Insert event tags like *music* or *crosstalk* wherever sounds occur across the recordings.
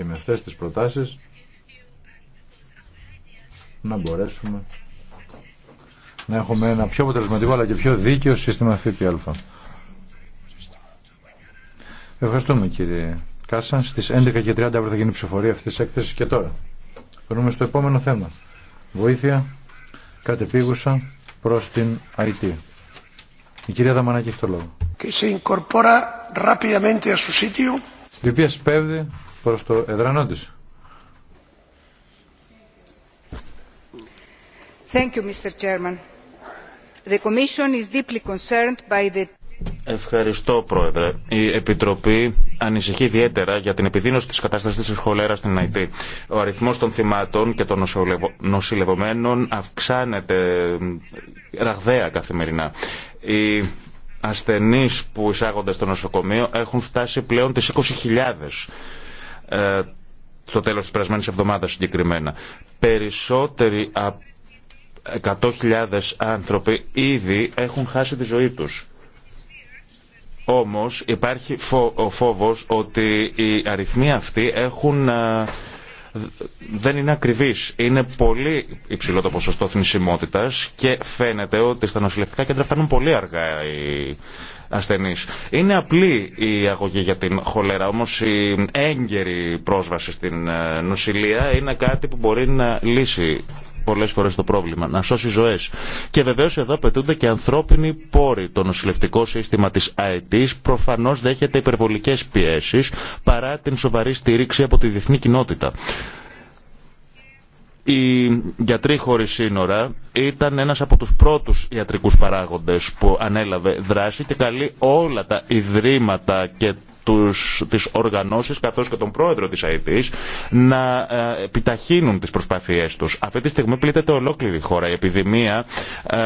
και με αυτές τις προτάσεις να μπορέσουμε να έχουμε ένα πιο αποτελεσματικό αλλά και πιο δίκαιο σύστημα ΦΠΑ. Ευχαριστούμε κύριε Κάσαν Στις 11.30 αύριο θα γίνει ψηφορία αυτής της έκθεσης και τώρα. Περνούμε στο επόμενο θέμα. Βοήθεια κατεπίγουσα προς την ΑΕΤ. Η κυρία Δαμανάκη έχει το λόγο. Και σε incorpora rápidamente a su sitio η οποία σπέβδει προς το εδρανό της. Thank you, Mr. Chairman. The Commission is deeply concerned by the... Ευχαριστώ, Πρόεδρε. Η Επιτροπή ανησυχεί ιδιαίτερα για την επιδείνωση τη κατάσταση τη χολέρας στην ΑΕΤ. Ο αριθμό των θυμάτων και των νοσηλευομένων αυξάνεται ραγδαία καθημερινά. Η ασθενείς που εισάγονται στο νοσοκομείο έχουν φτάσει πλέον τις 20.000 ε, στο τέλος της περασμένης εβδομάδας συγκεκριμένα. Περισσότεροι από 100.000 άνθρωποι ήδη έχουν χάσει τη ζωή τους. Όμως υπάρχει ο φόβος ότι οι αριθμοί αυτοί έχουν ε, δεν είναι ακριβή, Είναι πολύ υψηλό το ποσοστό θνησιμότητας και φαίνεται ότι στα νοσηλευτικά κέντρα φτάνουν πολύ αργά οι ασθενείς. Είναι απλή η αγωγή για την χολέρα, όμω η έγκαιρη πρόσβαση στην ε, νοσηλεία είναι κάτι που μπορεί να λύσει πολλέ φορέ το πρόβλημα, να σώσει ζωέ. Και βεβαίω εδώ απαιτούνται και ανθρώπινοι πόροι. Το νοσηλευτικό σύστημα τη ΑΕΤ προφανώ δέχεται υπερβολικέ πιέσει παρά την σοβαρή στήριξη από τη διεθνή κοινότητα. Η γιατροί χωρί σύνορα ήταν ένα από του πρώτου ιατρικού παράγοντε που ανέλαβε δράση και καλεί όλα τα ιδρύματα και τους, τις καθώ καθώς και τον πρόεδρο της ΑΕΤ να ε, επιταχύνουν τις προσπάθειές τους. Αυτή τη στιγμή πλήττεται ολόκληρη η χώρα. Η επιδημία ε,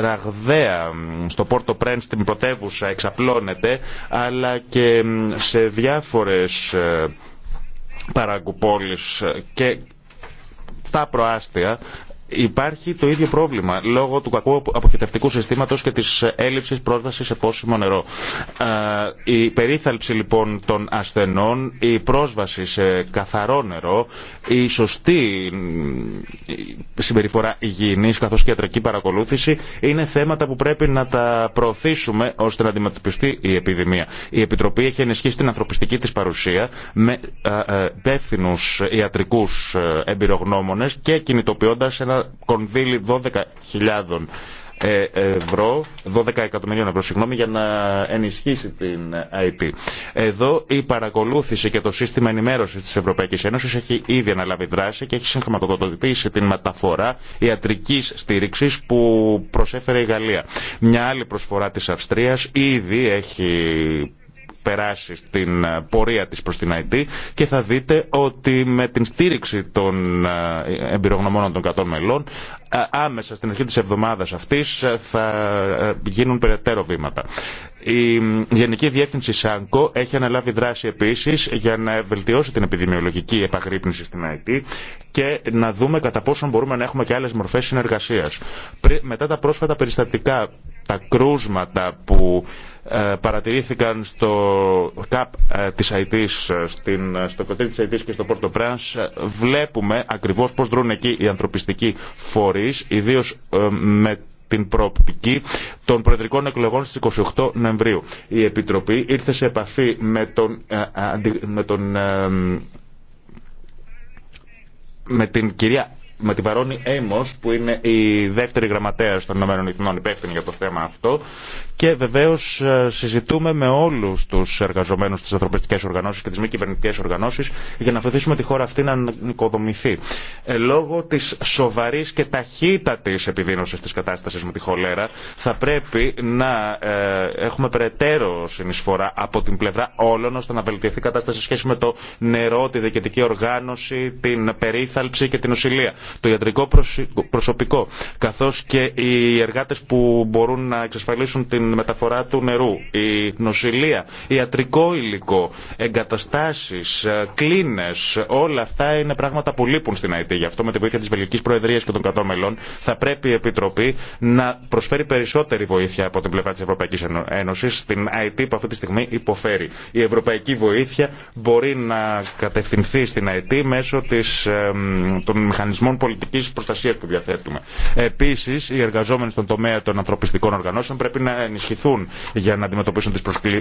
ραγδαία στο Πόρτο Πρέν στην πρωτεύουσα εξαπλώνεται αλλά και σε διάφορες ε, παραγκουπόλεις και στα προάστια υπάρχει το ίδιο πρόβλημα λόγω του κακού αποχετευτικού συστήματος και της έλλειψης πρόσβασης σε πόσιμο νερό. Ε, η περίθαλψη λοιπόν των ασθενών, η πρόσβαση σε καθαρό νερό, η σωστή συμπεριφορά υγιεινής καθώς και ιατρική παρακολούθηση είναι θέματα που πρέπει να τα προωθήσουμε ώστε να αντιμετωπιστεί η επιδημία. Η Επιτροπή έχει ενισχύσει την ανθρωπιστική της παρουσία με ε, ε, υπεύθυνου ιατρικούς εμπειρογνώμονες και κινητοποιώντας ένα κονδύλι 12.000 ε, ευρώ, 12 εκατομμυρίων ευρώ, συγγνώμη, για να ενισχύσει την IT. Εδώ η παρακολούθηση και το σύστημα ενημέρωση τη Ευρωπαϊκή Ένωση έχει ήδη αναλάβει δράση και έχει συγχρηματοδοτήσει την μεταφορά ιατρική στήριξη που προσέφερε η Γαλλία. Μια άλλη προσφορά τη Αυστρία ήδη έχει περάσει στην ε, πορεία της προς την ΑΕΤ και θα δείτε ότι με την στήριξη των ε, εμπειρογνωμών των 100 μελών ε, άμεσα στην αρχή της εβδομάδας αυτής θα γίνουν περαιτέρω βήματα. Η Γενική Διεύθυνση ΣΑΝΚΟ έχει αναλάβει δράση επίσης για να βελτιώσει την επιδημιολογική επαγρύπνηση στην ΑΕΤ και να δούμε κατά πόσο μπορούμε να έχουμε και άλλες μορφές συνεργασίας. Μετά τα πρόσφατα περιστατικά, τα κρούσματα που ε, παρατηρήθηκαν στο ΚΑΠ ε, της ΑΙΤΙΣ, ε, στο κοτήρι της ΑΙΤΙΣ και στο Πόρτο Πράνς βλέπουμε ακριβώς πώς δρούν εκεί οι ανθρωπιστικοί φορείς, ιδίως με την προοπτική των προεδρικών εκλογών στις 28 Νοεμβρίου. Η Επιτροπή ήρθε σε επαφή με τον, με τον με την κυρία με την Παρόνη Έμος που είναι η δεύτερη γραμματέα των Ηνωμένων υπεύθυνη για το θέμα αυτό και βεβαίω ε, συζητούμε με όλου του εργαζομένου στι ανθρωπιστικέ οργανώσει και τι μη κυβερνητικέ οργανώσει για να βοηθήσουμε τη χώρα αυτή να νοικοδομηθεί. Ε, λόγω τη σοβαρή και ταχύτατη επιδείνωση τη κατάσταση με τη χολέρα, θα πρέπει να ε, έχουμε περαιτέρω συνεισφορά από την πλευρά όλων ώστε να βελτιωθεί η κατάσταση σε σχέση με το νερό, τη διοικητική οργάνωση, την περίθαλψη και την οσυλία το ιατρικό προσωπικό, καθώ και οι εργάτε που μπορούν να εξασφαλίσουν την μεταφορά του νερού, η νοσηλεία, ιατρικό υλικό, εγκαταστάσει, ε, κλίνε, όλα αυτά είναι πράγματα που λείπουν στην ΑΕΤ. Γι' αυτό με τη βοήθεια τη Βελγική Προεδρία και των κρατών μελών θα πρέπει η Επιτροπή να προσφέρει περισσότερη βοήθεια από την πλευρά τη Ευρωπαϊκή Ένωση στην ΑΕΤ που αυτή τη στιγμή υποφέρει. Η ευρωπαϊκή βοήθεια μπορεί να κατευθυνθεί στην ΑΕΤ μέσω της, των μηχανισμών πολιτική προστασία που διαθέτουμε. Επίση, οι εργαζόμενοι στον τομέα των ανθρωπιστικών οργανώσεων πρέπει να ενισχυθούν για να αντιμετωπίσουν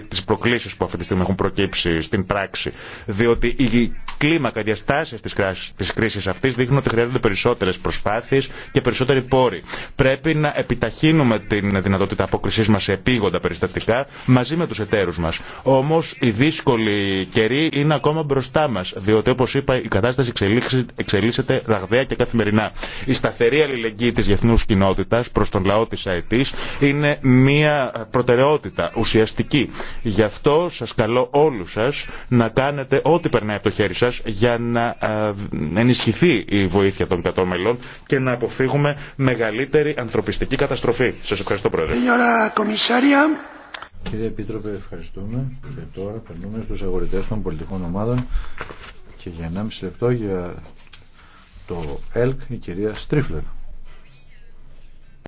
τι προκλήσει που αυτή τη στιγμή έχουν προκύψει στην πράξη. Διότι η κλίμακα, οι διαστάσεις της, κρίση κρίσης δείχνουν ότι χρειάζονται περισσότερε προσπάθειες και περισσότεροι πόροι. Πρέπει να επιταχύνουμε την δυνατότητα αποκρισή μα σε επίγοντα περιστατικά μαζί με του εταίρου μα. Όμω, η δύσκολη καιρή είναι ακόμα μπροστά μα, διότι όπω είπα η κατάσταση εξελίσσεται ραγδαία και καθημερινά. Η σταθερή αλληλεγγύη τη διεθνού κοινότητα προ τον λαό τη ΑΕΤ είναι μια προτεραιότητα ουσιαστική. Γι' αυτό σας καλώ όλους σας να κάνετε ό,τι περνάει από το χέρι σας για να ε, ενισχυθεί η βοήθεια των κατών μελών και να αποφύγουμε μεγαλύτερη ανθρωπιστική καταστροφή. Σας ευχαριστώ Πρόεδρε. Κύριε Επίτροπε, ευχαριστούμε. Και τώρα περνούμε στους αγορητές των πολιτικών ομάδων και για 1,5 λεπτό για το ΕΛΚ η κυρία Στρίφλερ.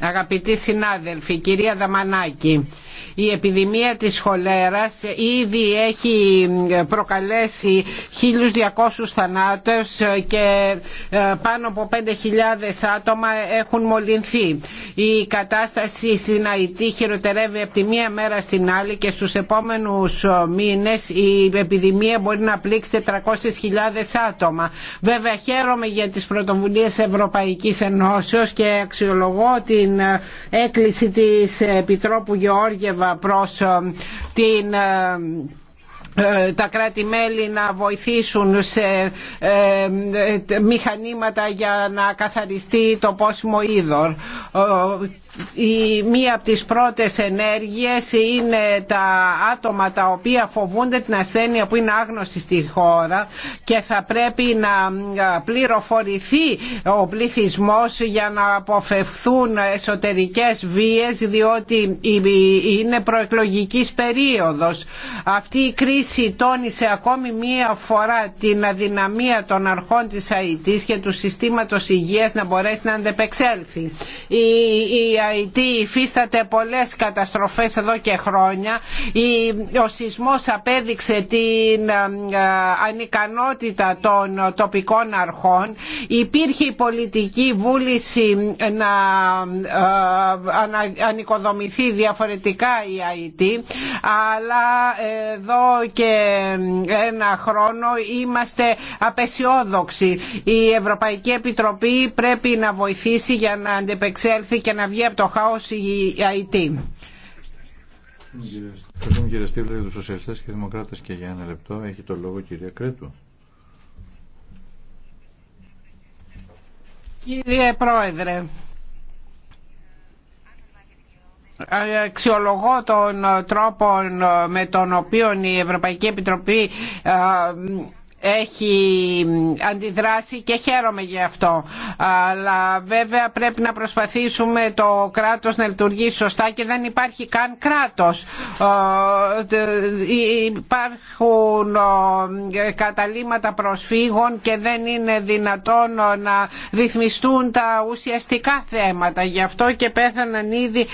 Αγαπητοί συνάδελφοι, κυρία Δαμανάκη, η επιδημία της χολέρας ήδη έχει προκαλέσει 1.200 θανάτους και ε, πάνω από 5.000 άτομα έχουν μολυνθεί. Η κατάσταση στην Αιτή χειροτερεύει από τη μία μέρα στην άλλη και στους επόμενους ε, μήνες η επιδημία μπορεί να πλήξει 400.000 άτομα. Βέβαια χαίρομαι για τις πρωτοβουλίες Ευρωπαϊκής Ενώσεως και αξιολογώ ότι την έκκληση της Επιτρόπου Γεώργεβα προς ε, την ε, ε, τα κράτη-μέλη να βοηθήσουν σε μηχανήματα για να καθαριστεί το πόσιμο είδωρ η μία από τις πρώτες ενέργειες είναι τα άτομα τα οποία φοβούνται την ασθένεια που είναι άγνωστη στη χώρα και θα πρέπει να πληροφορηθεί ο πληθυσμός για να αποφευθούν εσωτερικές βίες διότι είναι προεκλογικής περίοδος. Αυτή η κρίση τόνισε ακόμη μία φορά την αδυναμία των αρχών της ΑΕΤ και του συστήματος υγείας να μπορέσει να αντεπεξέλθει. Αιτή, υφίσταται πολλές καταστροφές εδώ και χρόνια. Ο σεισμός απέδειξε την ε, ε, ανικανότητα των τοπικών αρχών. Υπήρχε η πολιτική βούληση να ε, ανοικοδομηθεί διαφορετικά η Αϊτή αλλά εδώ και ένα χρόνο είμαστε απεσιόδοξοι. Η Ευρωπαϊκή Επιτροπή πρέπει να βοηθήσει για να αντεπεξέλθει και να βγει το χάο η IT. Ευχαριστούμε κύριε Στίβλα για τους σοσιαλιστές και δημοκράτες και για ένα λεπτό έχει το λόγο κυρία Κρέτου. Κύριε Πρόεδρε, αξιολογώ τον τρόπο με τον οποίο η Ευρωπαϊκή Επιτροπή ε, έχει αντιδράσει και χαίρομαι γι' αυτό. Αλλά βέβαια πρέπει να προσπαθήσουμε το κράτος να λειτουργήσει σωστά και δεν υπάρχει καν κράτος. Ε, υπάρχουν ε, καταλήματα προσφύγων και δεν είναι δυνατόν ε, να ρυθμιστούν τα ουσιαστικά θέματα. Γι' αυτό και πέθαναν ήδη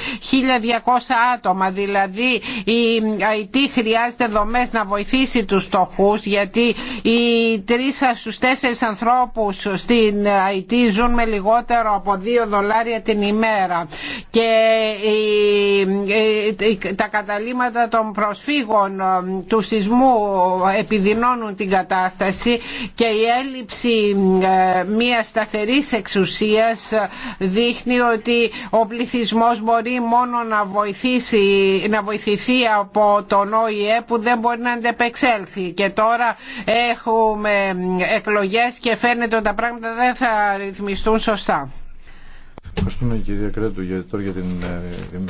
1200 άτομα. Δηλαδή η IT χρειάζεται δομές να βοηθήσει τους στοχούς γιατί οι τρεις στους τέσσερις ανθρώπους στην IT ζουν με λιγότερο από δύο δολάρια την ημέρα και τα καταλήματα των προσφύγων ε, του σεισμού επιδεινώνουν την κατάσταση και η έλλειψη ε, μια σταθερής εξουσίας δείχνει ότι ο πληθυσμός μπορεί μόνο να, βοηθήσει, να βοηθηθεί από τον ΟΗΕ που δεν μπορεί να αντεπεξέλθει και τώρα έχω έχουμε εκλογές και φαίνεται ότι τα πράγματα δεν θα ρυθμιστούν σωστά. Ευχαριστούμε κυρία Κρέτου για, για την ε,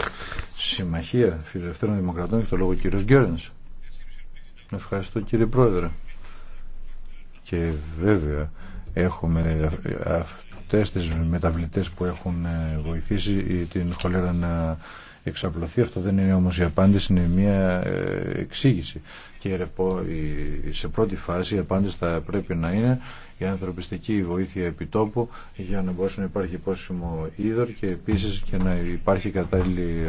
Συμμαχία Φιλελευθέρων Δημοκρατών και το λόγο κύριος Γκέρνς. Ευχαριστώ κύριε Πρόεδρε. Και βέβαια έχουμε αυτές τις μεταβλητές που έχουν ε, βοηθήσει την χολέρα να εξαπλωθεί. Αυτό δεν είναι όμως η απάντηση, είναι μια ε, εξήγηση και σε πρώτη φάση η απάντηση θα πρέπει να είναι η ανθρωπιστική βοήθεια επιτόπου για να μπορέσει να υπάρχει πόσιμο είδωρ και επίσης και να υπάρχει κατάλληλη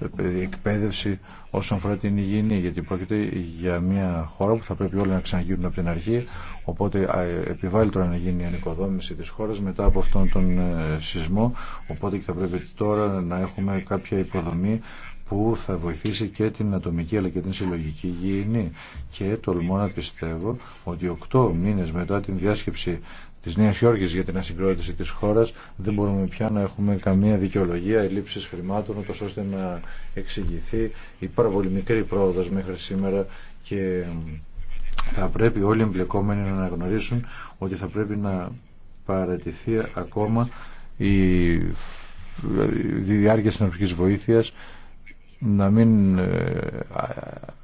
ε, εκπαίδευση όσον αφορά την υγιεινή γιατί πρόκειται για μια χώρα που θα πρέπει όλοι να ξαναγίνουν από την αρχή οπότε επιβάλλει τώρα να γίνει η ανοικοδόμηση της χώρας μετά από αυτόν τον ε, σεισμό οπότε και θα πρέπει τώρα να έχουμε κάποια υποδομή που θα βοηθήσει και την ατομική αλλά και την συλλογική υγιεινή. Και τολμώ να πιστεύω ότι οκτώ μήνες μετά την διάσκεψη της Νέας Υόρκης για την ασυγκρότηση της χώρας δεν μπορούμε πια να έχουμε καμία δικαιολογία ελλείψης χρημάτων ούτως ώστε να εξηγηθεί η πάρα πολύ μικρή πρόοδος μέχρι σήμερα και θα πρέπει όλοι οι εμπλεκόμενοι να αναγνωρίσουν ότι θα πρέπει να παρατηθεί ακόμα η διάρκεια συνεργικής βοήθειας να μην ε,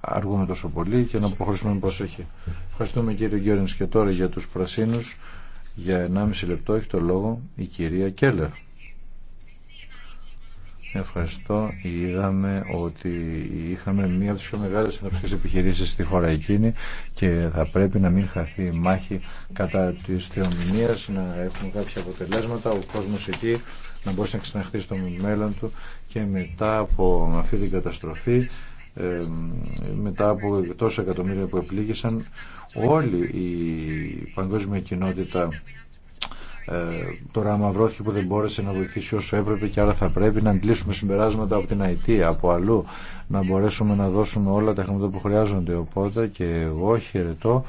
αργούμε τόσο πολύ και να προχωρήσουμε με προσοχή. Ευχαριστούμε κύριε Γκέρινς και τώρα για τους πρασίνους. Για 1,5 λεπτό έχει το λόγο η κυρία Κέλλερ. Ευχαριστώ. Είδαμε ότι είχαμε μία από τις πιο μεγάλες επιχειρήσεις στη χώρα εκείνη και θα πρέπει να μην χαθεί η μάχη κατά της θεομηνίας, να έχουμε κάποια αποτελέσματα. Ο κόσμος εκεί να μπορέσει να ξαναχθεί στο μέλλον του και μετά από αυτή την καταστροφή μετά από τόσα εκατομμύρια που επλήγησαν όλη η παγκόσμια κοινότητα ε, τώρα αμαυρώθηκε που δεν μπόρεσε να βοηθήσει όσο έπρεπε και άρα θα πρέπει να αντλήσουμε συμπεράσματα από την ΑΕΤ, από αλλού να μπορέσουμε να δώσουμε όλα τα χρήματα που χρειάζονται οπότε και εγώ χαιρετώ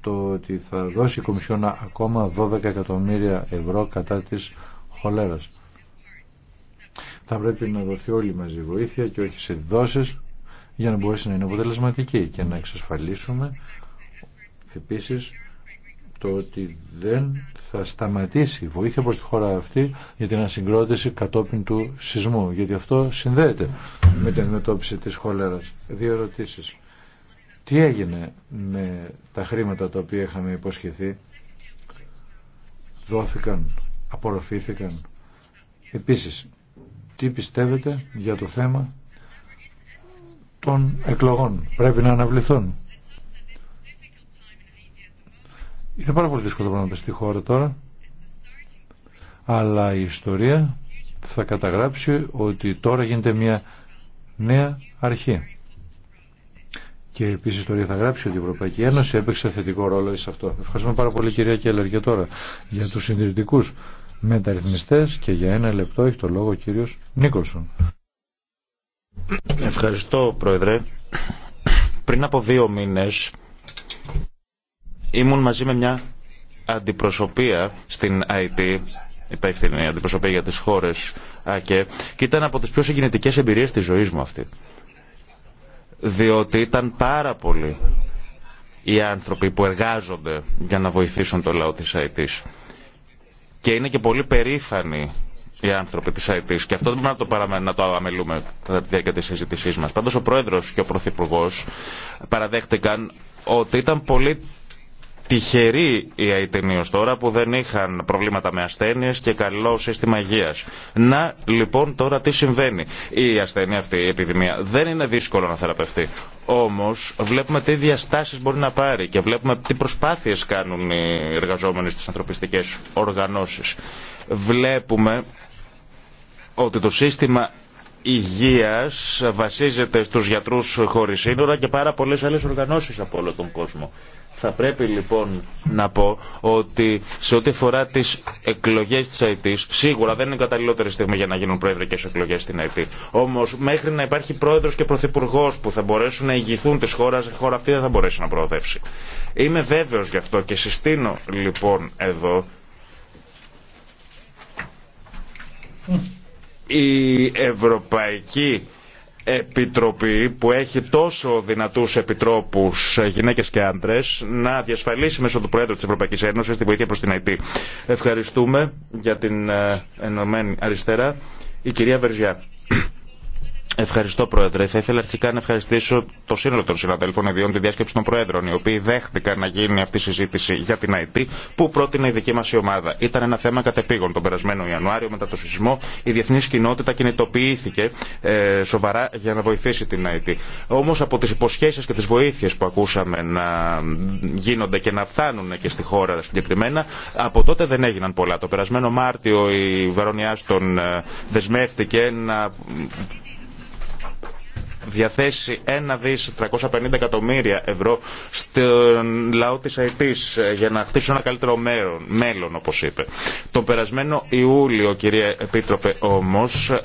το ότι θα δώσει η Κομισιόνα ακόμα 12 εκατομμύρια ευρώ κατά της χολέρας. Θα πρέπει να δοθεί όλη μαζί βοήθεια και όχι σε δόσεις για να μπορέσει να είναι αποτελεσματική και να εξασφαλίσουμε επίσης το ότι δεν θα σταματήσει η βοήθεια προς τη χώρα αυτή για την ασυγκρότηση κατόπιν του σεισμού γιατί αυτό συνδέεται με την αντιμετώπιση της χολέρας. Δύο ερωτήσεις. Τι έγινε με τα χρήματα τα οποία είχαμε υποσχεθεί. Δόθηκαν, απορροφήθηκαν. Επίσης, τι πιστεύετε για το θέμα των εκλογών. Πρέπει να αναβληθούν. Είναι πάρα πολύ δύσκολο να πράγμα στη χώρα τώρα. Αλλά η ιστορία θα καταγράψει ότι τώρα γίνεται μια νέα αρχή. Και επίση τώρα θα γράψει ότι η Ευρωπαϊκή Ένωση έπαιξε θετικό ρόλο σε αυτό. Ευχαριστούμε πάρα πολύ κυρία Κέλλερ. Και τώρα για του συντηρητικού μεταρρυθμιστέ και για ένα λεπτό έχει το λόγο ο κύριο Νίκολσον. Ευχαριστώ πρόεδρε. Πριν από δύο μήνε ήμουν μαζί με μια αντιπροσωπεία στην ΑΕΤ υπεύθυνη αντιπροσωπεία για τι χώρε, ΑΚΕ και ήταν από τι πιο συγκινητικέ εμπειρίε τη ζωή μου αυτή διότι ήταν πάρα πολλοί οι άνθρωποι που εργάζονται για να βοηθήσουν το λαό της ΑΕΤΗΣ. Και είναι και πολύ περήφανοι οι άνθρωποι της ΑΕΤ. Και αυτό δεν πρέπει να το, παραμε... να το αμελούμε κατά τη διάρκεια της συζήτησή μα. Πάντως ο Πρόεδρος και ο Πρωθυπουργός παραδέχτηκαν ότι ήταν πολύ τυχεροί οι Αιτενοί τώρα που δεν είχαν προβλήματα με ασθένειες και καλό σύστημα υγείας. Να λοιπόν τώρα τι συμβαίνει. Η ασθένεια αυτή, η επιδημία, δεν είναι δύσκολο να θεραπευτεί. Όμως βλέπουμε τι διαστάσεις μπορεί να πάρει και βλέπουμε τι προσπάθειες κάνουν οι εργαζόμενοι στι ανθρωπιστικέ οργανώσει Βλέπουμε ότι το σύστημα υγείας βασίζεται στους γιατρούς χωρίς σύνορα και πάρα πολλές άλλες οργανώσεις από όλο τον κόσμο. Θα πρέπει λοιπόν να πω ότι σε ό,τι αφορά τι εκλογέ τη ΑΕΤ, σίγουρα δεν είναι καταλληλότερη στιγμή για να γίνουν προεδρικέ εκλογέ στην ΑΕΤ. Όμω μέχρι να υπάρχει πρόεδρο και πρωθυπουργό που θα μπορέσουν να ηγηθούν τη χώρα, η χώρα αυτή δεν θα μπορέσει να προοδεύσει. Είμαι βέβαιο γι' αυτό και συστήνω λοιπόν εδώ η ευρωπαϊκή Επιτροπή που έχει τόσο δυνατούς επιτρόπους ε, γυναίκες και άντρες να διασφαλίσει μέσω του Προέδρου της Ευρωπαϊκής Ένωσης τη βοήθεια προς την ΑΕΤ. Ευχαριστούμε για την ε, Ενωμένη Αριστερά η κυρία Βερζιά. Ευχαριστώ, Πρόεδρε. Θα ήθελα αρχικά να ευχαριστήσω το σύνολο των συναδέλφων, ιδιών τη διάσκεψη των Προέδρων, οι οποίοι δέχτηκαν να γίνει αυτή η συζήτηση για την ΑΕΤ που πρότεινε η δική μα ομάδα. Ήταν ένα θέμα κατεπήγον τον περασμένο Ιανουάριο μετά το σεισμό. Η διεθνή κοινότητα κινητοποιήθηκε ε, σοβαρά για να βοηθήσει την ΑΕΤ. Όμω από τι υποσχέσει και τι βοήθειε που ακούσαμε να γίνονται και να φτάνουν και στη χώρα συγκεκριμένα, από τότε δεν έγιναν πολλά. Το περασμένο Μάρτιο η Βερονιά ε, δεσμεύτηκε να διαθέσει 1 δις 350 εκατομμύρια ευρώ στον λαό της Αιτής ε, για να χτίσουν ένα καλύτερο μέλλον, μέλλον όπως είπε. Το περασμένο Ιούλιο, κύριε Επίτροπε, όμως ε,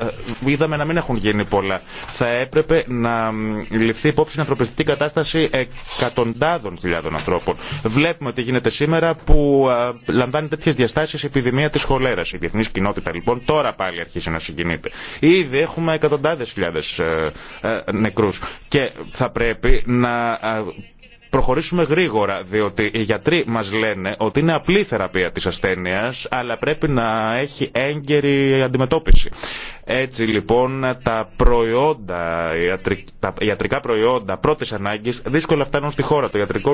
είδαμε να μην έχουν γίνει πολλά. Θα έπρεπε να ληφθεί υπόψη η ανθρωπιστική κατάσταση εκατοντάδων χιλιάδων ανθρώπων. Βλέπουμε τι γίνεται σήμερα που ε, λαμβάνει τέτοιε διαστάσεις η επιδημία τη χολέρα. Η διεθνή κοινότητα λοιπόν τώρα πάλι αρχίζει να συγκινείται. Ήδη έχουμε εκατοντάδε χιλιάδε νεκρούς. Και θα πρέπει να προχωρήσουμε γρήγορα, διότι οι γιατροί μας λένε ότι είναι απλή θεραπεία της ασθένειας, αλλά πρέπει να έχει έγκαιρη αντιμετώπιση. Έτσι λοιπόν τα προϊόντα, τα ιατρικά προϊόντα πρώτης ανάγκη, δύσκολα φτάνουν στη χώρα. Το ιατρικό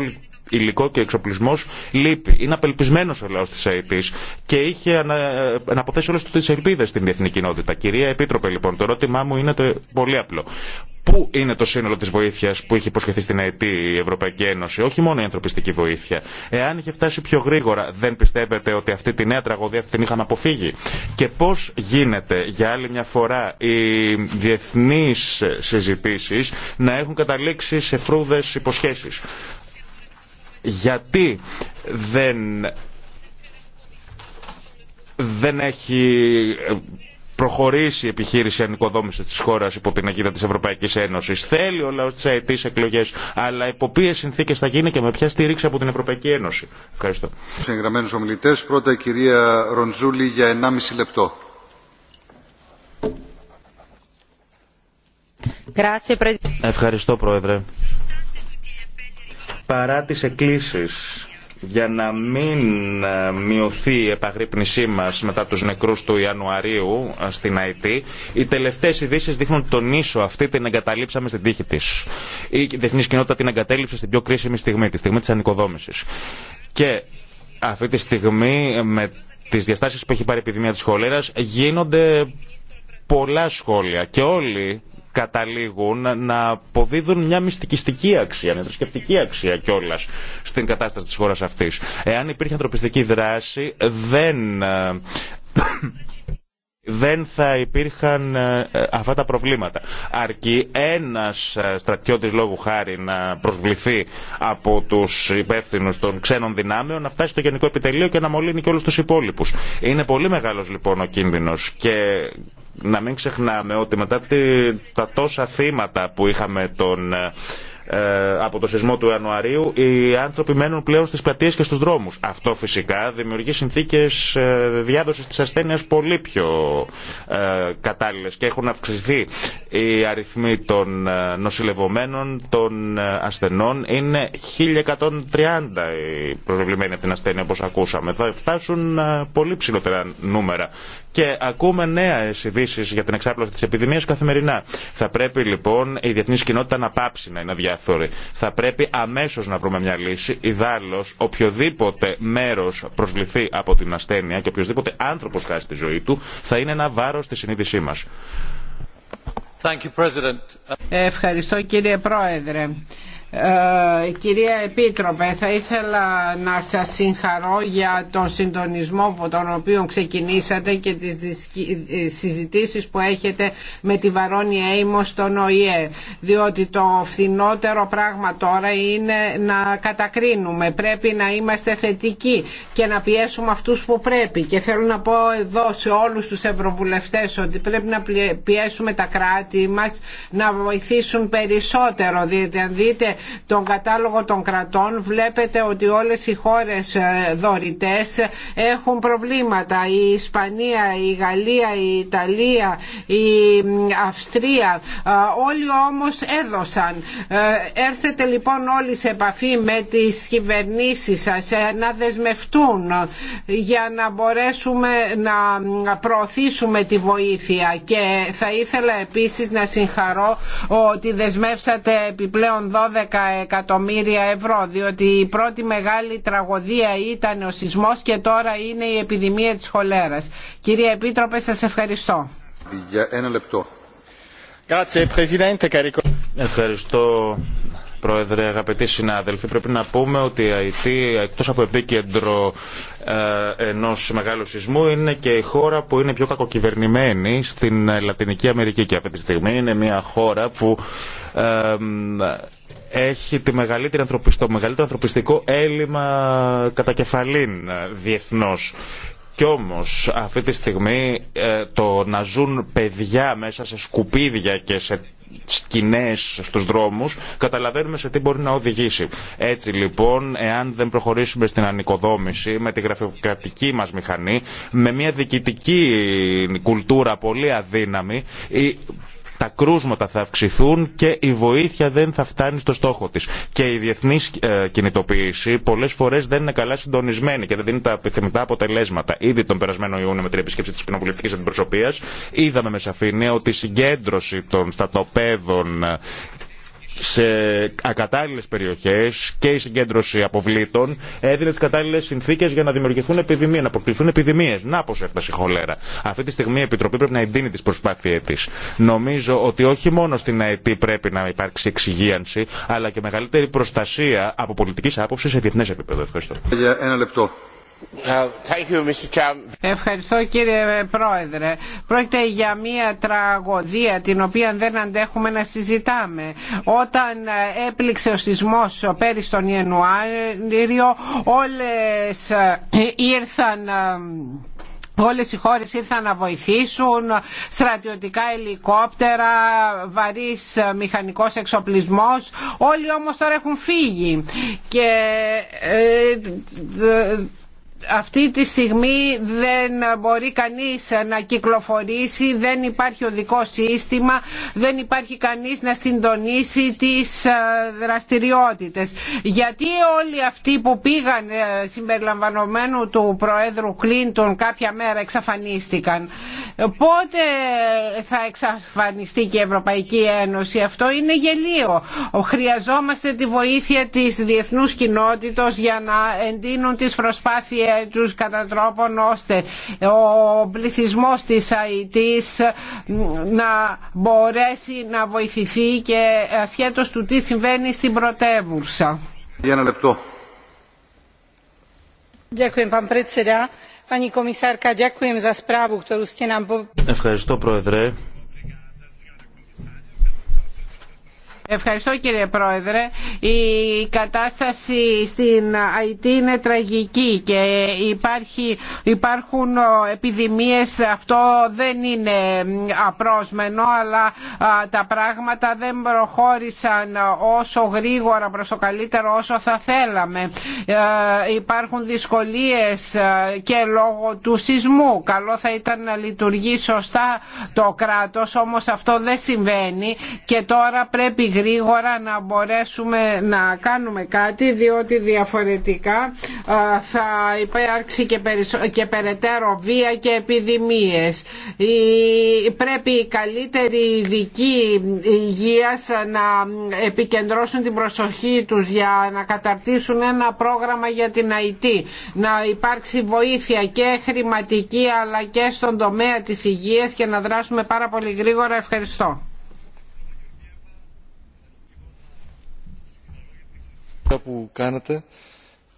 υλικό και εξοπλισμός λείπει. Είναι απελπισμένος ο λαός της ΑΕΤ και είχε να αποθέσει όλες τις ελπίδες στην διεθνή κοινότητα. Κυρία Επίτροπε λοιπόν, το ερώτημά μου είναι το πολύ απλό. Πού είναι το σύνολο τη βοήθεια που έχει υποσχεθεί στην ΑΕΤ η Ευρωπαϊκή Ένωση, όχι μόνο η ανθρωπιστική βοήθεια. Εάν είχε φτάσει πιο γρήγορα, δεν πιστεύετε ότι αυτή τη νέα τραγωδία θα την είχαμε αποφύγει. Και πώ γίνεται για άλλη μια φορά οι διεθνεί συζητήσει να έχουν καταλήξει σε φρούδε υποσχέσει. Γιατί δεν δεν έχει προχωρήσει η επιχείρηση ανοικοδόμηση τη χώρα υπό την αγίδα της Ευρωπαϊκής Ένωσης. Θέλει ο λαό τι αετή εκλογέ, αλλά υπό ποιε συνθήκε θα γίνει και με ποια στήριξη από την Ευρωπαϊκή Ένωση. Ευχαριστώ. Συγγραμμένου ομιλητές. πρώτα η κυρία Ροντζούλη για 1,5 λεπτό. Ευχαριστώ, Πρόεδρε. Παρά τις εκκλήσεις για να μην ε, μειωθεί η επαγρύπνησή μας μετά τους νεκρούς του Ιανουαρίου ε, στην ΑΕΤ, οι τελευταίες ειδήσει δείχνουν τον ίσο αυτή την εγκαταλείψαμε στην τύχη της. Η διεθνής κοινότητα την εγκατέλειψε στην πιο κρίσιμη στιγμή, τη στιγμή της ανικοδόμησης. Και αυτή τη στιγμή με τις διαστάσεις που έχει πάρει η επιδημία της χολέρας γίνονται πολλά σχόλια και όλοι καταλήγουν να αποδίδουν μια μυστικιστική αξία, μια θρησκευτική αξία κιόλα στην κατάσταση της χώρας αυτής. Εάν υπήρχε ανθρωπιστική δράση δεν *coughs* δεν θα υπήρχαν ε, αυτά τα προβλήματα. Αρκεί ένας ε, στρατιώτης λόγου χάρη να προσβληθεί από τους υπεύθυνους των ξένων δυνάμεων να φτάσει στο Γενικό Επιτελείο και να μολύνει και όλους τους υπόλοιπους. Είναι πολύ μεγάλος λοιπόν ο κίνδυνος και να μην ξεχνάμε ότι μετά τα τόσα θύματα που είχαμε τον, ε, από το σεισμό του Ιανουαρίου οι άνθρωποι μένουν πλέον στις πλατείες και στους δρόμους. Αυτό φυσικά δημιουργεί συνθήκες ε, διάδοσης της ασθένειας πολύ πιο ε, κατάλληλες και έχουν αυξηθεί οι αριθμοί των νοσηλευωμένων, των ασθενών. Είναι 1130 οι προβλημένοι από την ασθένεια όπως ακούσαμε. Θα φτάσουν πολύ ψηλότερα νούμερα και ακούμε νέα ειδήσει για την εξάπλωση τη επιδημία καθημερινά. Θα πρέπει λοιπόν η διεθνή κοινότητα να πάψει να είναι αδιάφορη. Θα πρέπει αμέσω να βρούμε μια λύση. Ιδάλω, οποιοδήποτε μέρο προσβληθεί από την ασθένεια και οποιοδήποτε άνθρωπο χάσει τη ζωή του θα είναι ένα βάρο στη συνείδησή μα. Ευχαριστώ κύριε Πρόεδρε. Ε, κυρία Επίτροπε, θα ήθελα να σας συγχαρώ για τον συντονισμό από τον οποίο ξεκινήσατε και τις συζητήσεις που έχετε με τη Βαρόνια Έιμο στον ΟΗΕ. Διότι το φθηνότερο πράγμα τώρα είναι να κατακρίνουμε. Πρέπει να είμαστε θετικοί και να πιέσουμε αυτούς που πρέπει. Και θέλω να πω εδώ σε όλους τους ευρωβουλευτές ότι πρέπει να πιέσουμε τα κράτη μας να βοηθήσουν περισσότερο. Διότι αν δείτε τον κατάλογο των κρατών βλέπετε ότι όλες οι χώρες ε, δωρητές έχουν προβλήματα. Η Ισπανία, η Γαλλία, η Ιταλία, η Αυστρία ε, όλοι όμως έδωσαν. Ε, έρθετε λοιπόν όλοι σε επαφή με τις κυβερνήσεις σας να δεσμευτούν για να μπορέσουμε να προωθήσουμε τη βοήθεια και θα ήθελα επίσης να συγχαρώ ότι δεσμεύσατε επιπλέον 12 εκατομμύρια ευρώ διότι η πρώτη μεγάλη τραγωδία ήταν ο σεισμός και τώρα είναι η επιδημία της χολέρας. Κυρία Επίτροπε σας ευχαριστώ. Για ένα λεπτό. Ευχαριστώ Πρόεδρε, αγαπητοί συνάδελφοι, πρέπει να πούμε ότι η ΑΕΤ εκτός από επίκεντρο ε, ενός μεγάλου σεισμού είναι και η χώρα που είναι πιο κακοκυβερνημένη στην ε, Λατινική Αμερική και αυτή τη στιγμή είναι μια χώρα που ε, έχει το μεγαλύτερο ανθρωπιστικό έλλειμμα κατά κεφαλήν ε, διεθνώς κι όμως αυτή τη στιγμή ε, το να ζουν παιδιά μέσα σε σκουπίδια και σε σκηνέ στους δρόμους, καταλαβαίνουμε σε τι μπορεί να οδηγήσει. Έτσι λοιπόν, εάν δεν προχωρήσουμε στην ανοικοδόμηση, με τη γραφειοκρατική μας μηχανή, με μια διοικητική κουλτούρα πολύ αδύναμη, τα κρούσματα θα αυξηθούν και η βοήθεια δεν θα φτάνει στο στόχο της. Και η διεθνής ε, κινητοποίηση πολλές φορές δεν είναι καλά συντονισμένη και δεν δίνει τα επιθυμητά αποτελέσματα. Ήδη τον περασμένο Ιούνιο με την επισκέψη της κοινοβουλευτική αντιπροσωπείας είδαμε με σαφήνεια ότι η συγκέντρωση των στατοπέδων σε ακατάλληλες περιοχές και η συγκέντρωση αποβλήτων έδινε τις κατάλληλες συνθήκες για να δημιουργηθούν επιδημίες, να αποκλειθούν επιδημίες. Να πως έφτασε η χολέρα. Αυτή τη στιγμή η Επιτροπή πρέπει να εντείνει τις προσπάθειές της. Νομίζω ότι όχι μόνο στην ΑΕΤ πρέπει να υπάρξει εξυγίανση, αλλά και μεγαλύτερη προστασία από πολιτικής άποψης σε διεθνές επίπεδο. Ευχαριστώ. Για λεπτό. Ευχαριστώ κύριε Πρόεδρε. Πρόκειται για μια τραγωδία την οποία δεν αντέχουμε να συζητάμε. Όταν έπληξε ο σεισμός πέρυσι τον Ιανουάριο όλες ήρθαν Όλες οι χώρες ήρθαν να βοηθήσουν, στρατιωτικά ελικόπτερα, βαρύς μηχανικός εξοπλισμός, όλοι όμως τώρα έχουν φύγει. Και ε, αυτή τη στιγμή δεν μπορεί κανείς να κυκλοφορήσει, δεν υπάρχει οδικό σύστημα, δεν υπάρχει κανείς να συντονίσει τις ε, δραστηριότητες. Γιατί όλοι αυτοί που πήγαν ε, συμπεριλαμβανομένου του Προέδρου Κλίντον κάποια μέρα εξαφανίστηκαν. Πότε θα εξαφανιστεί και η Ευρωπαϊκή Ένωση. Αυτό είναι γελίο. Χρειαζόμαστε τη βοήθεια της διεθνούς κοινότητος για να εντείνουν τις προσπάθειες τους κατά τρόπον ώστε ο πληθυσμός της ΑΕΤΙΣ να μπορέσει να βοηθηθεί και ασχέτως του τι συμβαίνει στην πρωτεύουσα. Για ένα λεπτό. Ευχαριστώ, Πρόεδρε. Ευχαριστώ κύριε Πρόεδρε. Η κατάσταση στην ΑΙΤ είναι τραγική και υπάρχει, υπάρχουν ε, επιδημίες. Αυτό δεν είναι απρόσμενο αλλά τα πράγματα δεν προχώρησαν όσο γρήγορα προς το καλύτερο όσο θα θέλαμε. Ε, υπάρχουν δυσκολίες ε, και λόγω του σεισμού. Καλό θα ήταν να λειτουργεί σωστά το κράτος όμως αυτό δεν συμβαίνει και τώρα πρέπει γρήγορα να μπορέσουμε να κάνουμε κάτι διότι διαφορετικά θα υπάρξει και, και περαιτέρω βία και επιδημίες. Πρέπει οι καλύτεροι ειδικοί υγείας να επικεντρώσουν την προσοχή τους για να καταρτήσουν ένα πρόγραμμα για την ΑΕΤ, να υπάρξει βοήθεια και χρηματική αλλά και στον τομέα της υγείας και να δράσουμε πάρα πολύ γρήγορα. Ευχαριστώ. που κάνατε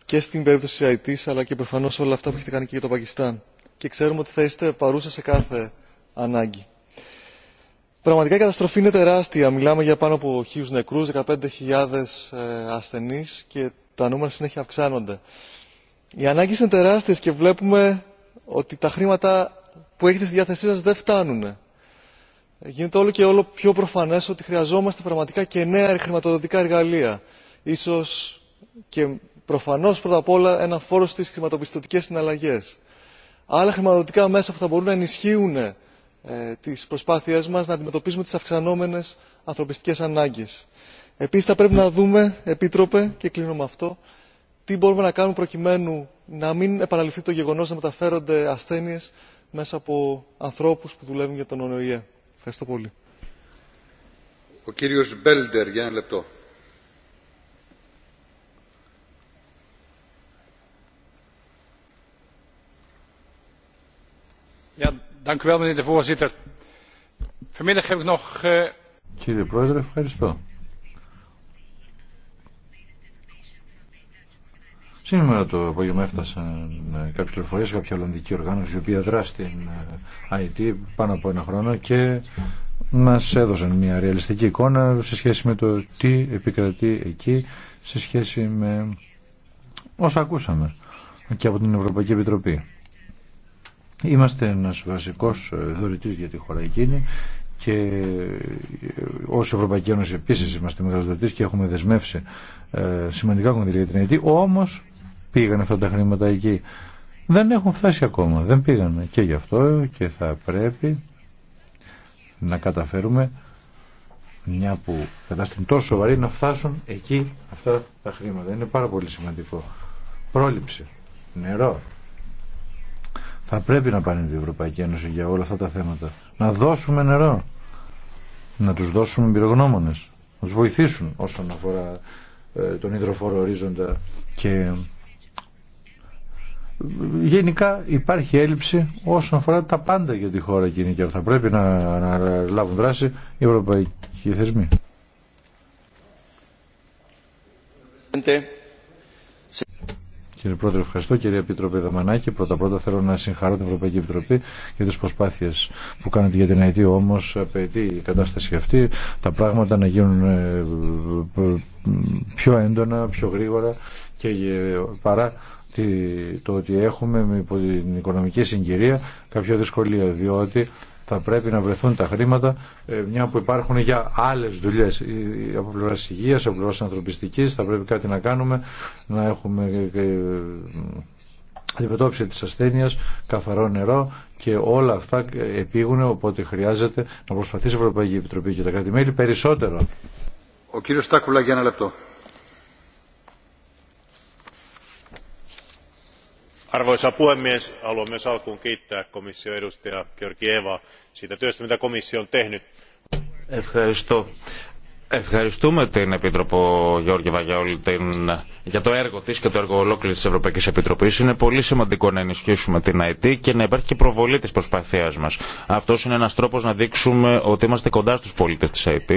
και στην περίπτωση της IT αλλά και προφανώς όλα αυτά που έχετε κάνει και για το Πακιστάν και ξέρουμε ότι θα είστε παρούσα σε κάθε ανάγκη. Πραγματικά η καταστροφή είναι τεράστια. Μιλάμε για πάνω από χίλιου νεκρούς, 15.000 ε, ασθενείς και τα νούμερα συνέχεια αυξάνονται. Οι ανάγκη είναι τεράστιες και βλέπουμε ότι τα χρήματα που έχετε στη διάθεσή σας δεν φτάνουν. Γίνεται όλο και όλο πιο προφανές ότι χρειαζόμαστε πραγματικά και νέα χρηματοδοτικά εργαλεία ίσως και προφανώς πρώτα απ' όλα ένα φόρο στις χρηματοπιστωτικές συναλλαγές άλλα χρηματοδοτικά μέσα που θα μπορούν να ενισχύουν ε, τις προσπάθειές μας να αντιμετωπίσουμε τις αυξανόμενες ανθρωπιστικές ανάγκες. Επίσης θα πρέπει να δούμε, Επίτροπε, και κλείνω με αυτό, τι μπορούμε να κάνουμε προκειμένου να μην επαναληφθεί το γεγονός να μεταφέρονται ασθένειες μέσα από ανθρώπους που δουλεύουν για τον ΟΝΟΙΕ. Ευχαριστώ πολύ. Ο κύριος Μπέλντερ, για ένα λεπτό. Κύριε Πρόεδρε, ευχαριστώ. Σήμερα το απόγευμα έφτασαν ε, κάποιε πληροφορίε, κάποια Ολλανδική οργάνωση η οποία δρά στην IT ε, πάνω από ένα χρόνο και μα έδωσαν μια ρεαλιστική εικόνα σε σχέση με το τι επικρατεί εκεί, σε σχέση με όσα ακούσαμε και από την Ευρωπαϊκή Επιτροπή. Είμαστε ένας βασικός δωρητής ε, για τη χώρα εκείνη και ε, ως Ευρωπαϊκή Ένωση επίσης είμαστε μεγάλος δωρητής και έχουμε δεσμεύσει ε, σημαντικά κονδυλία δηλαδή για την Αιτή. Όμως πήγαν αυτά τα χρήματα εκεί. Δεν έχουν φτάσει ακόμα, δεν πήγαν και γι' αυτό και θα πρέπει να καταφέρουμε μια που κατάστην τόσο σοβαρή να φτάσουν εκεί αυτά τα χρήματα. Είναι πάρα πολύ σημαντικό. Πρόληψη, νερό, θα πρέπει να πάνε η Ευρωπαϊκή Ένωση για όλα αυτά τα θέματα. Να δώσουμε νερό. Να τους δώσουμε πυρογνώμονες. Να τους βοηθήσουν όσον αφορά ε, τον υδροφόρο ορίζοντα και ε, γενικά υπάρχει έλλειψη όσον αφορά τα πάντα για τη χώρα εκείνη και θα πρέπει να, να λάβουν δράση οι ευρωπαϊκοί θεσμοί. Κύριε Πρόεδρε, ευχαριστώ. Κύριε Επιτροπή Δαμανάκη, πρώτα-πρώτα θέλω να συγχαρώ την Ευρωπαϊκή Επιτροπή για τι προσπάθειε που κάνετε για την ΑΕΤ. Όμω, απαιτεί η κατάσταση αυτή τα πράγματα να γίνουν ε, πιο έντονα, πιο γρήγορα και ε, παρά το ότι έχουμε υπό την οικονομική συγκυρία κάποια δυσκολία, διότι θα πρέπει να βρεθούν τα χρήματα ε, μια που υπάρχουν για άλλε δουλειέ. από πλευράς υγεία, από πλευρά ανθρωπιστική. θα πρέπει κάτι να κάνουμε να έχουμε ε, ε, αντιμετώπιση τη ασθένεια, καθαρό νερό και όλα αυτά επήγουν. οπότε χρειάζεται να προσπαθήσει η Ευρωπαϊκή Επιτροπή και τα κράτη-μέλη περισσότερο. Ο κύριος Στάκουλα για ένα λεπτό. arvoisa puhemies haluan myös alkuun kiittää komission edustajaa georgievaa siitä työstä mitä komissio on tehnyt. Ευχαριστούμε την Επίτροπο Γιώργη για, την... για το έργο της και το έργο ολόκληρης της Ευρωπαϊκής Επιτροπής. Είναι πολύ σημαντικό να ενισχύσουμε την ΑΕΤ και να υπάρχει και προβολή της προσπαθίας μας. Αυτό είναι ένας τρόπος να δείξουμε ότι είμαστε κοντά στους πολίτες της ΑΕΤ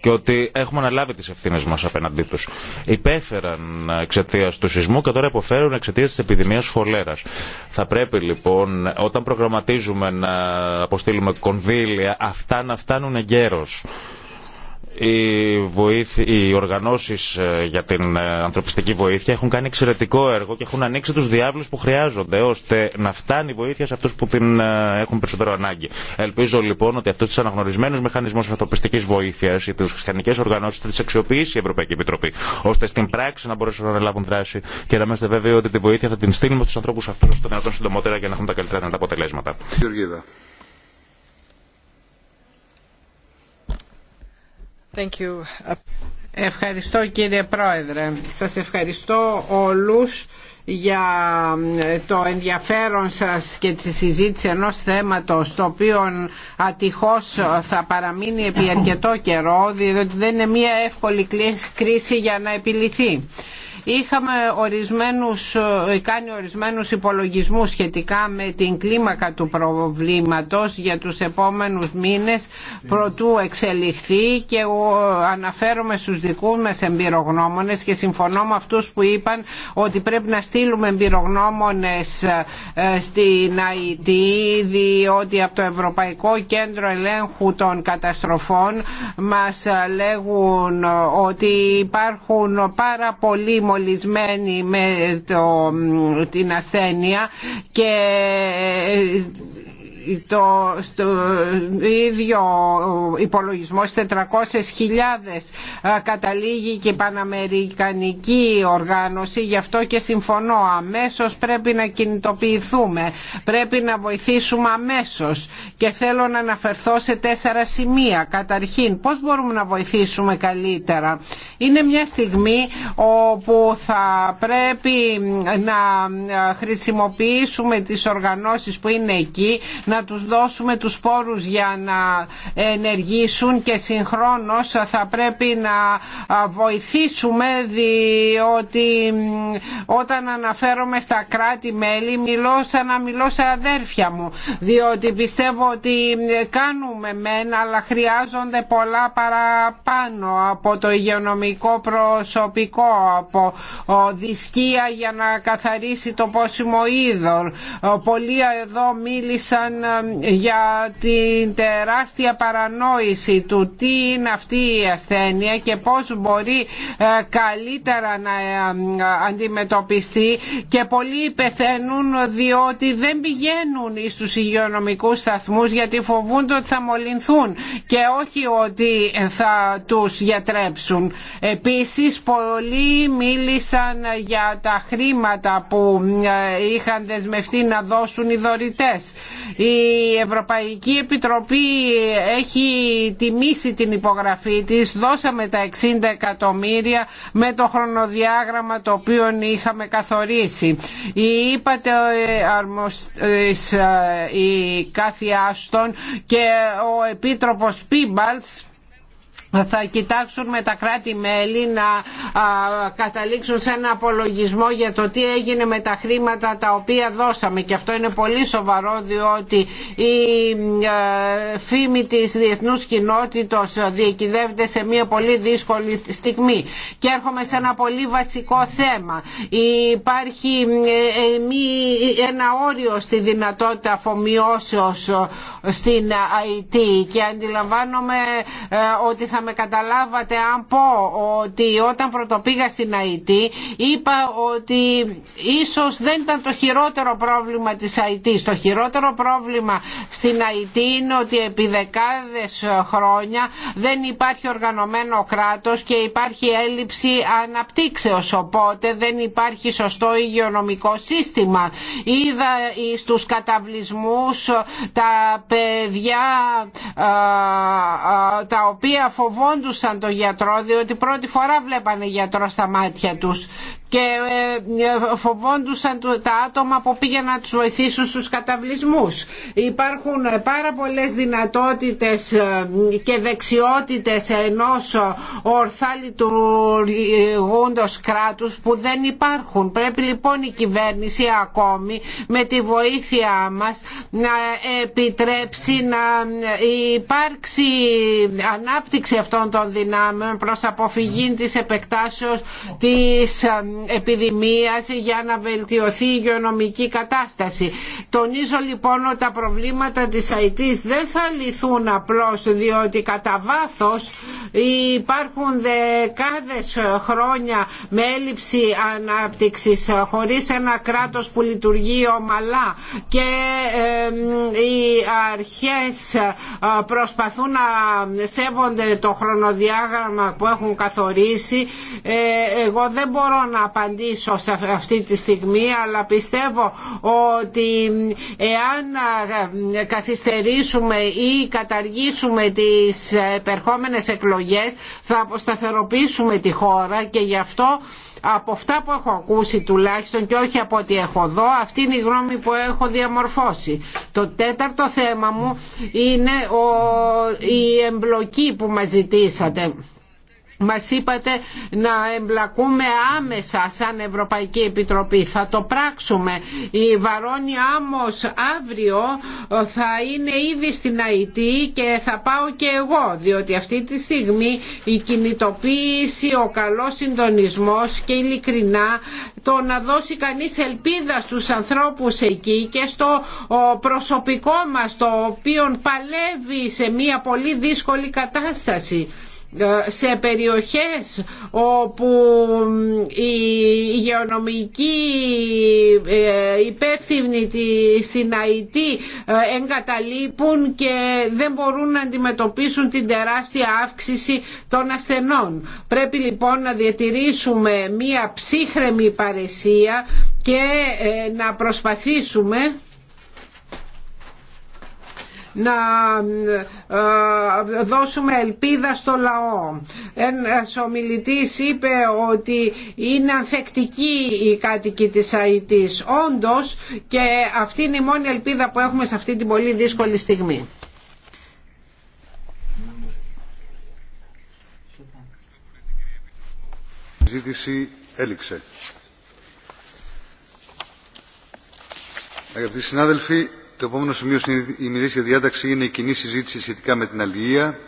και ότι έχουμε αναλάβει τις ευθύνες μας απέναντί τους. Υπέφεραν εξαιτία του σεισμού και τώρα υποφέρουν εξαιτία της επιδημίας φολέρας. Θα πρέπει λοιπόν όταν προγραμματίζουμε να αποστείλουμε κονδύλια αυτά να φτάνουν εγκαίρως οι, βοήθη, οι οργανώσεις ε, για την ε, ανθρωπιστική βοήθεια έχουν κάνει εξαιρετικό έργο και έχουν ανοίξει τους διάβλους που χρειάζονται ώστε να φτάνει η βοήθεια σε αυτούς που την ε, έχουν περισσότερο ανάγκη. Ελπίζω λοιπόν ότι της του μηχανισμός της ανθρωπιστικής βοήθειας ή τις χριστιανικές οργανώσεις θα τις αξιοποιήσει η Ευρωπαϊκή Επιτροπή ώστε στην πράξη να μπορέσουν να λάβουν δράση και να είμαστε βέβαιοι ότι τη βοήθεια θα την στείλουμε στους ανθρώπους αυτούς ώστε να συντομότερα για να έχουν τα καλύτερα δυνατά αποτελέσματα. Ευχαριστώ κύριε Πρόεδρε. Σας ευχαριστώ όλους για το ενδιαφέρον σας και τη συζήτηση ενός θέματος το οποίο ατυχώς θα παραμείνει επί αρκετό καιρό διότι δεν είναι μια εύκολη κρίση για να επιληθεί. Είχαμε ορισμένους, κάνει ορισμένους υπολογισμούς σχετικά με την κλίμακα του προβλήματος για τους επόμενους μήνες προτού εξελιχθεί και αναφέρομαι στους δικούς μας εμπειρογνώμονες και συμφωνώ με αυτούς που είπαν ότι πρέπει να στείλουμε εμπειρογνώμονες ε, στην ΑΕΤ διότι από το Ευρωπαϊκό Κέντρο Ελέγχου των Καταστροφών μας λέγουν ότι υπάρχουν πάρα πολλοί μολυσμένοι με το, την ασθένεια και ε, το, στο ίδιο υπολογισμό 400.000 ε, καταλήγει και η Παναμερικανική οργάνωση γι' αυτό και συμφωνώ αμέσως πρέπει να κινητοποιηθούμε πρέπει να βοηθήσουμε αμέσως και θέλω να αναφερθώ σε τέσσερα σημεία καταρχήν πώς μπορούμε να βοηθήσουμε καλύτερα είναι μια στιγμή όπου θα πρέπει να ε, χρησιμοποιήσουμε τις οργανώσεις που είναι εκεί να να τους δώσουμε τους πόρους για να ενεργήσουν και συγχρόνως θα πρέπει να βοηθήσουμε διότι όταν αναφέρομαι στα κράτη-μέλη μιλώ σαν να μιλώ σε αδέρφια μου διότι πιστεύω ότι κάνουμε μεν αλλά χρειάζονται πολλά παραπάνω από το υγειονομικό προσωπικό από δισκία για να καθαρίσει το πόσιμο είδωρ. Πολλοί εδώ μίλησαν ε, για την τεράστια παρανόηση του τι είναι αυτή η ασθένεια και πώς μπορεί ε, καλύτερα να ε, αντιμετωπιστεί και πολλοί πεθαίνουν διότι δεν πηγαίνουν στους υγειονομικούς σταθμούς γιατί φοβούνται ότι θα μολυνθούν και όχι ότι θα τους γιατρέψουν. Επίσης πολλοί μίλησαν για τα χρήματα που είχαν δεσμευτεί να δώσουν οι δωρητές. Η Ευρωπαϊκή Επιτροπή έχει τιμήσει την υπογραφή της, δώσαμε τα 60 εκατομμύρια με το χρονοδιάγραμμα το οποίο είχαμε καθορίσει. Είπατε ε, ε, ε, η Κάθη Άστον και ο Επίτροπος Πίμπαλς θα κοιτάξουν με τα κράτη-μέλη να καταλήξουν σε ένα απολογισμό για το τι έγινε με τα χρήματα τα οποία δώσαμε και αυτό είναι πολύ σοβαρό διότι η φήμη της διεθνούς κοινότητος διεκυδεύεται σε μια πολύ δύσκολη στιγμή και έρχομαι σε ένα πολύ βασικό θέμα υπάρχει ε, ε, ένα όριο στη δυνατότητα αφομοιώσεως ε, στην IT και αντιλαμβάνομαι ότι θα με καταλάβατε αν πω ότι όταν πρωτοπήγα στην Αιτή είπα ότι ίσως δεν ήταν το χειρότερο πρόβλημα της ΑΕΤ. Το χειρότερο πρόβλημα στην Αιτή είναι ότι επί δεκάδες χρόνια δεν υπάρχει οργανωμένο κράτος και υπάρχει έλλειψη αναπτύξεως οπότε δεν υπάρχει σωστό υγειονομικό σύστημα. Είδα στους καταβλισμούς τα παιδιά ε, ε, τα οποία φοβούνται φοβόντουσαν τον γιατρό διότι πρώτη φορά βλέπανε γιατρό στα μάτια τους και ε, ε, φοβόντουσαν τα άτομα που πήγαν να τους βοηθήσουν στους καταβλισμούς. Υπάρχουν ε, πάρα πολλές δυνατότητες και δεξιότητες ενός ορθά λειτουργούντος κράτους που δεν υπάρχουν. Πρέπει λοιπόν η κυβέρνηση ακόμη με τη βοήθειά μας να επιτρέψει να υπάρξει ανάπτυξη αυτών των δυνάμεων προς αποφυγή της επεκτάσεως της επιδημίας για να βελτιωθεί η υγειονομική κατάσταση. Τονίζω λοιπόν ότι τα προβλήματα της ΑΕΤΙΣ δεν θα λυθούν απλώς διότι κατά βάθο υπάρχουν δεκάδες χρόνια με έλλειψη ανάπτυξης χωρίς ένα κράτος που λειτουργεί ομαλά και οι αρχές ε, προσπαθούν να σέβονται το χρονοδιάγραμμα που έχουν καθορίσει ε, εγώ δεν μπορώ να απαντήσω σε αυτή τη στιγμή αλλά πιστεύω ότι εάν ε, καθυστερήσουμε ή καταργήσουμε τις επερχόμενες εκλογές θα αποσταθεροποιήσουμε τη χώρα και γι' αυτό από αυτά που έχω ακούσει τουλάχιστον και όχι από ό,τι έχω δω αυτή είναι η γνώμη που έχω διαμορφώσει. Το τέταρτο θέμα μου είναι η εμπλοκή που με ζητήσατε μα είπατε να εμπλακούμε άμεσα σαν Ευρωπαϊκή Επιτροπή. Θα το πράξουμε. Η Βαρόνια, Άμος αύριο θα είναι ήδη στην ΑΕΤ και θα πάω και εγώ διότι αυτή τη στιγμή η κινητοποίηση, ο καλός συντονισμός και ειλικρινά το να δώσει κανείς ελπίδα στους ανθρώπους εκεί και στο προσωπικό μας το οποίο παλεύει σε μια πολύ δύσκολη κατάσταση σε περιοχές όπου η γεωνομική ε, υπεύθυνη στην ΑΕΤ ε, εγκαταλείπουν και δεν μπορούν να αντιμετωπίσουν την τεράστια αύξηση των ασθενών. Πρέπει λοιπόν να διατηρήσουμε μία ψύχρεμη παρεσία και ε, να προσπαθήσουμε να ε, δώσουμε ελπίδα στο λαό. Ένας ομιλητής είπε ότι είναι ανθεκτική η κάτοικη της ΑΕΤΙΣ. Όντως και αυτή είναι η μόνη ελπίδα που έχουμε σε αυτή την πολύ δύσκολη στιγμή. Η συνάδελφοι, το επόμενο σημείο στην ημερήσια διάταξη είναι η κοινή συζήτηση σχετικά με την αλληλεία.